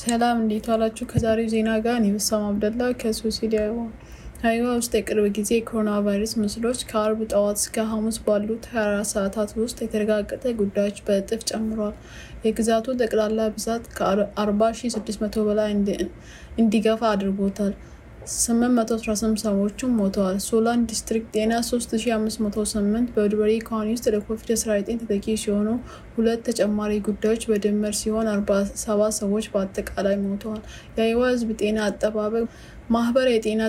ሰላም እንዴት ዋላችሁ? ከዛሬው ዜና ጋር እኔ ብሳም አብደላ ከሶሲሊያ ሀይዋ ውስጥ የቅርብ ጊዜ የኮሮና ቫይረስ ምስሎች ከአርብ ጠዋት እስከ ሐሙስ ባሉት 24 ሰዓታት ውስጥ የተረጋገጠ ጉዳዮች በእጥፍ ጨምሯል። የግዛቱ ጠቅላላ ብዛት ከ40,600 በላይ እንዲገፋ አድርጎታል። 818 ሰዎችም ሞተዋል። ሶላን ዲስትሪክት ጤና 3508 በድበሪ ካውንቲ ውስጥ ለኮቪድ-19 ተጠቂ ሲሆኑ ሁለት ተጨማሪ ጉዳዮች በድምር ሲሆን 47 ሰዎች በአጠቃላይ ሞተዋል። የአይዋ ህዝብ ጤና አጠባበቅ ማህበር የጤና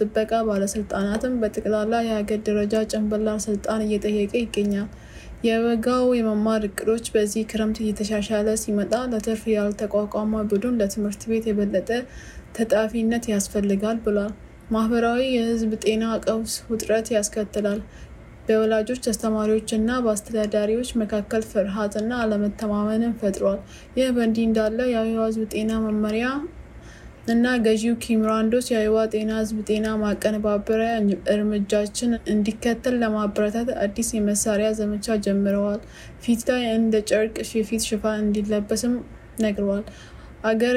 ጥበቃ ባለስልጣናትም በጠቅላላ የሀገር ደረጃ ጭንብላ ስልጣን እየጠየቀ ይገኛል። የበጋው የመማር እቅዶች በዚህ ክረምት እየተሻሻለ ሲመጣ ለትርፍ ያልተቋቋመ ቡድን ለትምህርት ቤት የበለጠ ተጣፊነት ያስፈልጋል ብሏል። ማህበራዊ የህዝብ ጤና ቀውስ ውጥረት ያስከትላል። በወላጆች አስተማሪዎችና በአስተዳዳሪዎች መካከል ፍርሃትና አለመተማመንን ፈጥሯል። ይህ በእንዲህ እንዳለ ህዝብ ጤና መመሪያ እና ገዢው ኪም ራንዶስ የአይዋ ጤና ህዝብ ጤና ማቀነባበሪያ እርምጃችን እንዲከተል ለማበረታት አዲስ የመሳሪያ ዘመቻ ጀምረዋል። ፊት ላይ እንደ ጨርቅ የፊት ሽፋን እንዲለበስም ነግረዋል። አገር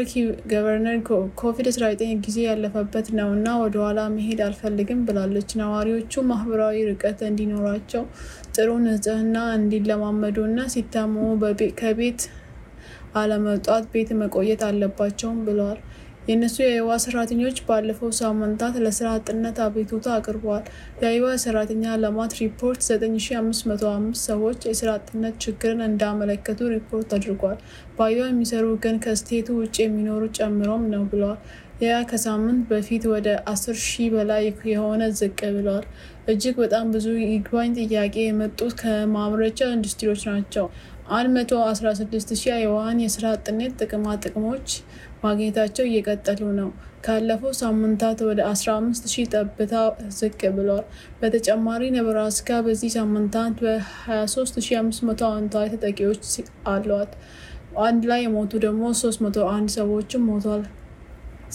ገቨርነር ኮቪድ-19 ጊዜ ያለፈበት ነው እና ወደኋላ መሄድ አልፈልግም ብላለች። ነዋሪዎቹ ማህበራዊ ርቀት እንዲኖራቸው፣ ጥሩ ንጽህና እንዲለማመዱ እና ሲታመሙ ከቤት አለመውጣት ቤት መቆየት አለባቸውም ብለዋል። የእነሱ የአይዋ ሰራተኞች ባለፈው ሳምንታት ለስራ አጥነት አቤቱታ አቅርበዋል። የአይዋ ሰራተኛ ልማት ሪፖርት 9505 ሰዎች የስራ አጥነት ችግርን እንዳመለከቱ ሪፖርት አድርጓል። በአይዋ የሚሰሩ ግን ከስቴቱ ውጭ የሚኖሩ ጨምሮም ነው ብለዋል። ያ ከሳምንት በፊት ወደ አስር ሺህ በላይ የሆነ ዝቅ ብሏል። እጅግ በጣም ብዙ ይግባኝ ጥያቄ የመጡት ከማምረቻ ኢንዱስትሪዎች ናቸው። 16ሺህ የዋን የስራ አጥነት ጥቅማ ጥቅሞች ማግኘታቸው እየቀጠሉ ነው። ካለፈው ሳምንታት ወደ ሺህ ጠብታ ዝቅ ብሏል። በተጨማሪ ነብራስካ በዚህ ሳምንታት በ23,500 አዎንታዊ ተጠቂዎች አሏት። አንድ ላይ የሞቱ ደግሞ 301 ሰዎችም ሞቷል።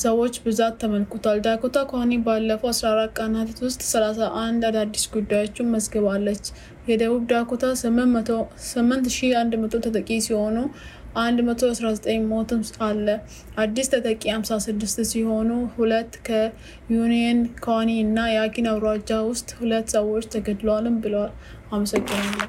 ሰዎች ብዛት ተመልክቷል። ዳኮታ ኳኒ ባለፈው 14 ቀናት ውስጥ 31 አዳዲስ ጉዳዮችን መዝግባለች። የደቡብ ዳኮታ 8100 ተጠቂ ሲሆኑ 119 ሞትም አለ። አዲስ ተጠቂ 56 ሲሆኑ ሁለት ከዩኒየን ካኒ እና የአኪን አውራጃ ውስጥ ሁለት ሰዎች ተገድለዋልም ብለዋል። አመሰግናለሁ።